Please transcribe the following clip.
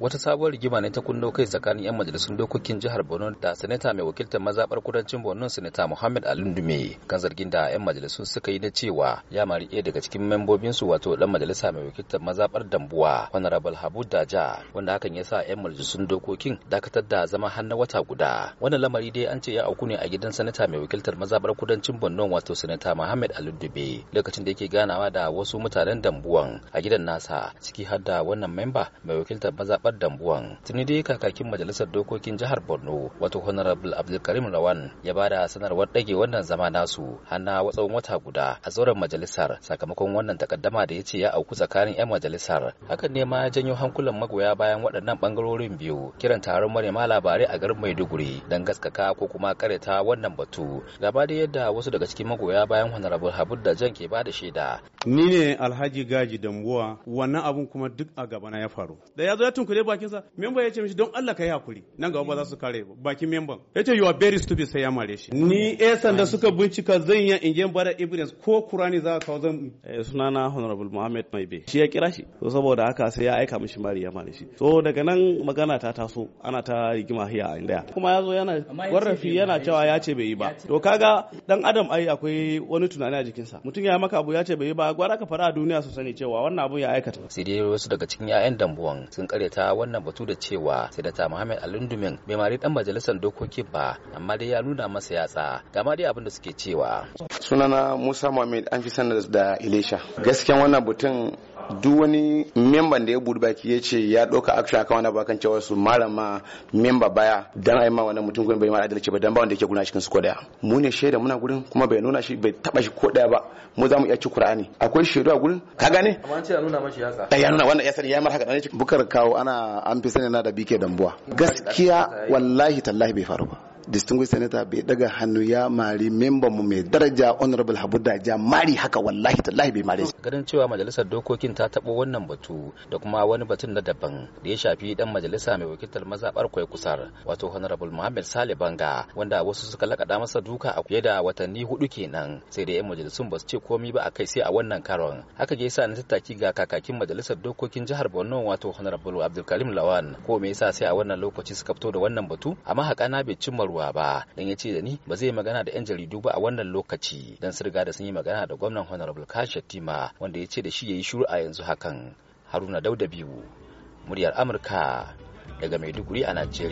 wata sabuwar rigima ne ta kunno kai tsakanin 'yan majalisun dokokin jihar borno da sanata mai wakiltar mazaɓar kudancin borno sanata muhammad alindume kan zargin da 'yan majalisun suka yi na cewa ya mari ɗaya daga cikin membobinsu wato dan majalisa mai wakiltar mazaɓar dambuwa honorable habu daja wanda hakan ya sa 'yan majalisun dokokin dakatar da zama har na wata guda wannan lamari dai an ce ya auku ne a gidan sanata mai wakiltar mazaɓar kudancin borno wato sanata muhammad alindume lokacin da yake ganawa da wasu mutanen dambuwan a gidan nasa ciki har da wannan memba mai wakiltar mazaɓar kofar dambuwan tuni dai kakakin majalisar dokokin jihar borno wato honorable abdulkarim rawan ya ba da sanarwar dage wannan zama nasu hana tsawon wata guda a zauren majalisar sakamakon wannan takaddama da ya ce ya auku tsakanin 'yan majalisar hakan ne ma ya janyo hankulan magoya bayan waɗannan bangarorin biyu kiran taron manema labarai a garin maiduguri don gaskaka ko kuma kareta wannan batu gaba da yadda wasu daga cikin magoya bayan honorable habib da jan ke ba da shaida ni ne alhaji gaji dambuwa wannan abun kuma duk a gabana ya faru da ya zo ya tunkuri bakin sa memba ya ce mishi don Allah ka yi hakuri nan gaba ba za su kare bakin memban ya ce you are very stupid sai ya mare shi ni eh sanda suka bincika zan yi in gen bada evidence ko kurani za ka kawo zan eh, sunana honorable Muhammad Maibe shi ya kira shi to saboda haka sai ya aika mishi mari ya mare shi to daga nan magana ta taso ana ta rigima hiya a inda kuma yazo yana warrafi yana cewa ya ce bai yi ba to kaga dan adam ai akwai wani tunani a jikinsa mutum ya maka abu ya ce bai yi ba gwara ka fara a duniya su sani cewa wannan abu ya aikata sai dai wasu daga cikin 'ya'yan dambuwan sun ta wannan batu da cewa Sanata Muhammad Alundumin bai mari dan majalisar dokoki ba amma dai ya nuna masa yatsa ga ma dai abin da suke cewa sunana Musa Muhammad an fi sanar da Ilesha gaskiyan wannan batun duk wani memban da ya buɗe baki ya ce ya ɗauka action akan wani bakan cewa su malama memba baya dan ai ma wannan mutum kuma bai ma adalci ba dan ba wanda yake guna cikin su ko daya mu ne shaida muna gurin kuma bai nuna shi bai taba shi ko daya ba mu za mu iya ci Qur'ani akwai shaidu a gurin ka gane amma an ce a nuna mashi yatsa eh, ya nuna wannan ya sani ya mar haka dan bukar kawo ana an fi sani na da bike dambuwa gaskiya wallahi tallahi bai faru ba distinguished senator bai daga hannu ya mari member mu mai daraja honorable habu ja mari haka wallahi tallahi bai mare ganin cewa majalisar dokokin ta tabo wannan batu da kuma wani batun na daban da ya shafi dan majalisa mai wakiltar mazabar kwai kusar wato honorable muhammad sale banga wanda wasu suka lakada masa duka a kuya da watanni hudu kenan sai da yan majalisun ba su ce komi ba a kai sai a wannan karon haka ke yasa na tattaki ga kakakin majalisar dokokin jihar borno wato honorable abdulkarim lawan ko me yasa sai a wannan lokaci suka fito da wannan batu amma haƙana bai cimma ruwa ruwa ba dan ya ce da ni ba zai magana da yan jaridu ba a wannan lokaci dan sirga da sun yi magana da gwamnan honorable kashi tima wanda ya ce da shi ya yi shuru a yanzu hakan haruna dauda biyu muryar amurka daga maiduguri a najeriya